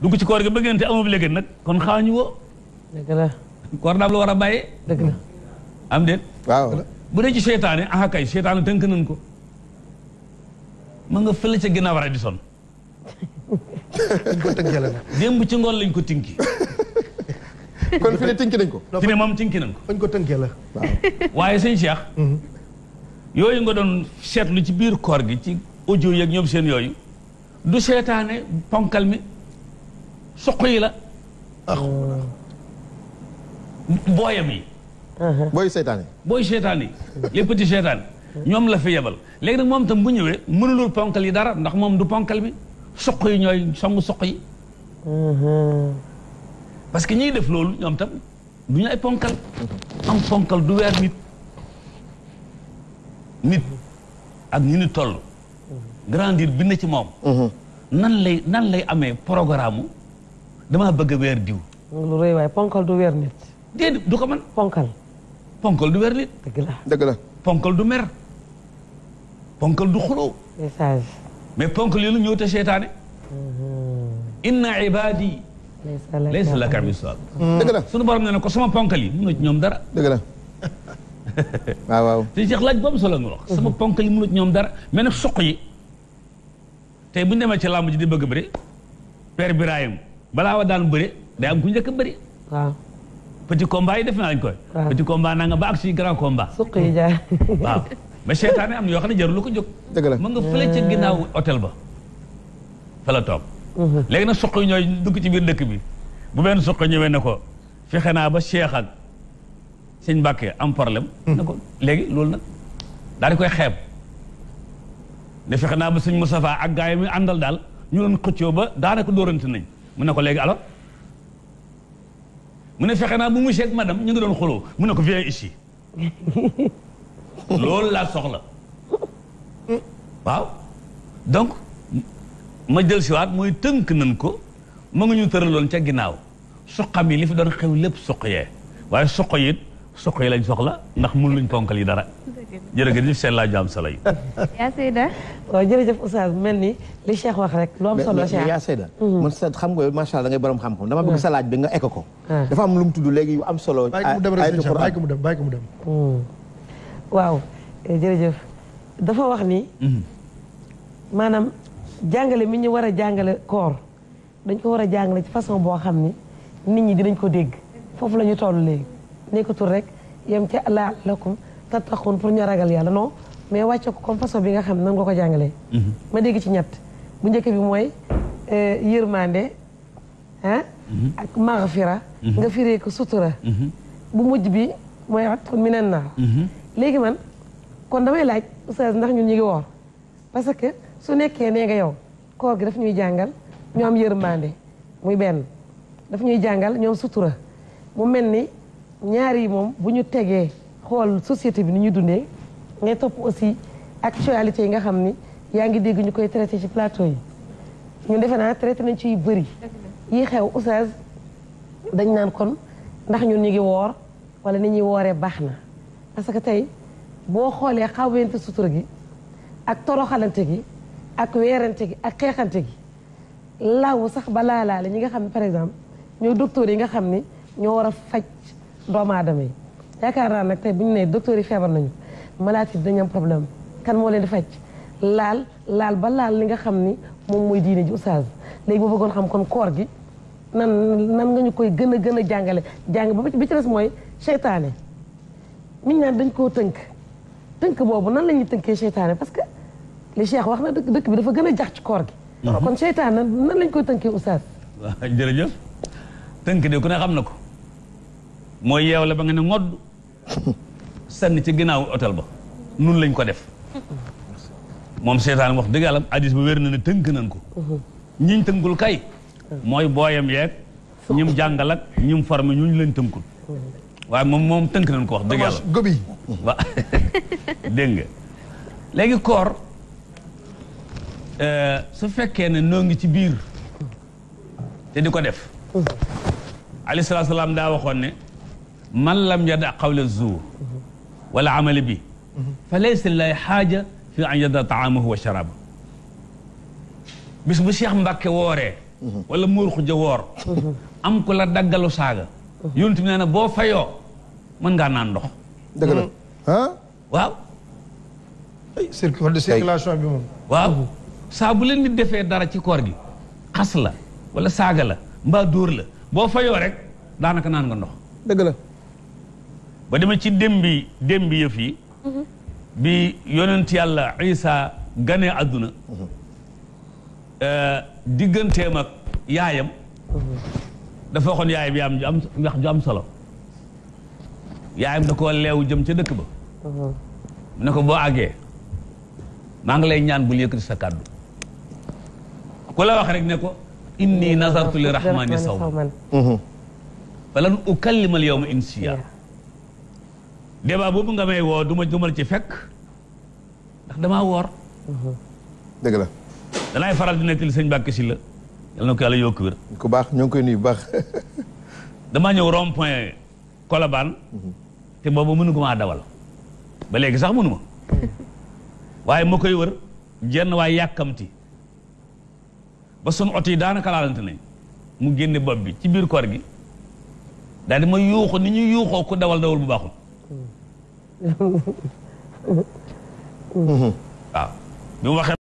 dugg ci koor gi bëggante amul léegi nag kon xaañu woo. dëgg la koor daal la war a bàyyee. am déet. bu dee ci seytaane ah kay seytaane tënk nañ ko. ma nga fële ca ginnaaw rek di sonn. démb ci ngoon lañ ko tinki kon fi ne tinki nañ ko. fi ne moom ko. fañ ko tënkee la waaw. waaye sëñ Cheikh. Mhm. yooyu nga doon seetlu ci biir koor gi ci audio yeeg ñoom seen yooyu. du seetaane ponkal mi suq yi la. Ah. booyam yi. Uh-huh. booy seetaane. booy seetaane yi les ñoom la fi yebal léegi nag moom tam bu ñëwee mënulul ponkal yi dara ndax moom du ponkal mi suq yi ñooy songu suq yi. Uh-huh. parce que ñiy def loolu ñoom tam du ñu ay ponkal. Uh-huh. am ponkal du weer nit. nit ak ñu ni toll. Grandir bi ne ci mom mhm. nan lay nan lay amé programme dama bëgg wër diw. lu reuy way ponkal du wër nit. dëd du ko man ponkal. ponkal du wër nit. dëgg la dëgg la. ponkal du mer. ponkal du xuloo. message. mais ponkal yi lu ñëw te seetaane. Mhm. inna ibadi laysa laka misaal. Mhm. dëgg la sunu borom ne ko sama ponkal yi mënoo ci ñom dara. dëgg la. waaw waaw. ci Cheikh laaj boobu solo nga wax. sama ponkal yi mënoo ci ñom dara mais suq yi tay bu ñu ci lamb ji di bëgg bëri père ibrahim bala wa daan bëri day am ku njëkk bëri waaw petit combat yi def naa lañ koy petit combat na nga ba ak ci grand combat suq ja waaw ma seetaane am yo yoo xam lu ko jox deug la ma nga fele ci ginaaw hôtel ba fala top mhm. légui na nag ñoy dugg ci biir dëkk bi bu ben suq ñëwé ne ko fexe naa ba Cheikh ak seigne Mbàkke am problème hmm. ne ko léegi loolu nag daal di koy xeeb ne fexe naa ba sëñ Moustapha ak gaa yi muy àndal daal ñu doon xëccoo ba daanaka dóorante nañ mu ne ko léegi alors mu ne fexe naa bu monsieur ak madame ñu ngi doon xuloo mu ne ko viens ici lool laa soxla waaw donc ma jël siwaat mooy tënk nañ ko ma nga ñu tëraloon ca ginnaaw suqam yi li fi doon xew lépp suq yee waaye suq it soxla yi lañ soxla ndax mun luñ konkal yi dara. jërëjëf seen laa jaam sala yi. yaa Seyda. waaw jërëjëf Oustaz mel ni li Cheikh wax rek. lu am solo Cheikh yaa Seyda. Hmm. xam nga macha allah da borom xam-xam dama bëgg sa laaj bi nga ekk ko. Ah. dafa am lu mu tudd léegi yu am solo. ay ay ko mu dem bàyyi ko mu dem hmm. waaw eh, jërëjëf dafa wax ni. Hmm. maanaam jàngale mi ñu war a jàngale koor dañ ko war a jàngale ci façon boo xam ni nit ñi dinañ ko dégg foofu la ñu toll léegi. nekkatul rek yem ca la'allakum tattaqun pour ñu ragal yàlla noo mais wàcce ko comme façon bi nga xam nan nga ko jàngalee. Mhm. ma dégg ci ñett bu njëkk bi mooy euh, yërmande ah. ak maghfira mhm. nga firee ko sutura. bu mujj bi mooy at minan léegi man kon damay laaj oustaz ndax ñun ñu ngi woor parce que su nekkee nee yow koor gi daf ñuy jàngal ñoom yërmande muy benn daf ñuy jàngal ñoom sutura mu mel ni. ñaar yi moom bu ñu tegee xool société bi nu ñuy dundee ngay topp aussi actualité yi nga xam ni yaa ngi dégg ñu koy traité ci plateau yi ñu defe naa traité nañ ci yu bëri yi xew oustaz dañ naan kon ndax ñun ñu ngi woor wala ni ñuy wooree baax na parce que tey boo xoolee xaw went sutura gi ak toroxalante gi ak weerante gi ak xeexante gi law sax ba laalaale ñi nga xam ne par exemple ñoo docteur yi nga xam ni ñoo war a faj doomu aadama yi yaakaar naa nag tey bu ñu nee docteur yi feebar nañu malaat yi dañu am problème kan moo leen di faj laal laal ba laal li nga xam ni moom mooy diine ji oustaz léegi ma bëggoon xam kon koor gi nan nan nga koy gën gën a jàngale jàng ba bi ci des mooy seytaane miñ naan dañ koo tënk tënk boobu nan la ñuy tënkee seytaane parce que li Cheikh wax na dëkk bi dafa gën a jax koor gi mhm. kon seytaane nan lañ koy tënkee oustaz waaw jërëjëf tënk de ku ne xam na ko mooy yeew la ba nga ne ngodd sànni ci ginnaaw otel ba nun lañ ko def moom seetaan wax dëgg yàlla addis ba wér na ne tënk nañ ko ñiñ tënkul kay mooy booyam yeeg ñim jàngal ak ñim ñu ñu leen tënkul waaye moom moom tënk nañ ko wax dëgg yàlla gobi waaw dégg léegi koor euh, su fekkee ne noo ngi ci biir te di ko def mm-hmm. alayhi salaam daa waxoon ne من لم يدع قول الزور ولا عمل به فليس لله حاجة في أن يدع طعامه وشرابه بس بشيخ مبكي ووري ولا مورخ جوار أم كل دقل ساغا يونت من أنا بوفايو من غانا نروح دقل ها واو سيركو هذا سيكلاشو طيب. أبيمون واو سابولين دي دفع دارا تي كورغي قصلا ولا ساغلا مبا دورلا بوفايو رك دانا كنان غنو دقل ba demee ci démbi démbi yëf yi mhm. bi yonent yàlla Isa gane àdduna mhm. euh, digganteem yaayam mhm. dafa waxoon yaayam yaam ju am wax ju am solo yaayam da koo leew jëm ca dëkk ba ne ko boo àggee maa ngi lay ñaan bul yëkkati sa kàddu ku la wax rek ne ko inni nazartu li rahmani sawman falan ukallima al yawma insiya débat boobu nga may woo duma ma ci fekk ndax damaa woor. Mhm. dëgg la. danaay faral di nettali sëñ Mbàkke Sylla. yal na ko yàlla yokk wér. ku baax ñoo ngi koy nuyu bu baax. damaa ñëw rond point Colobane. Mhm. te boobu mënu ko maa dawal. ba léegi sax mënu ma. waaye ma koy wër jenn waaye yàkkamti. ba sun ot yi daanaka laalante nañ mu génne bopp bi ci biir koor gi daal di ma yuuxu ni ñu yuuxoo ku dawal dawal bu baaxul. Mm-hmm. Mm-hmm. Ah. waaw.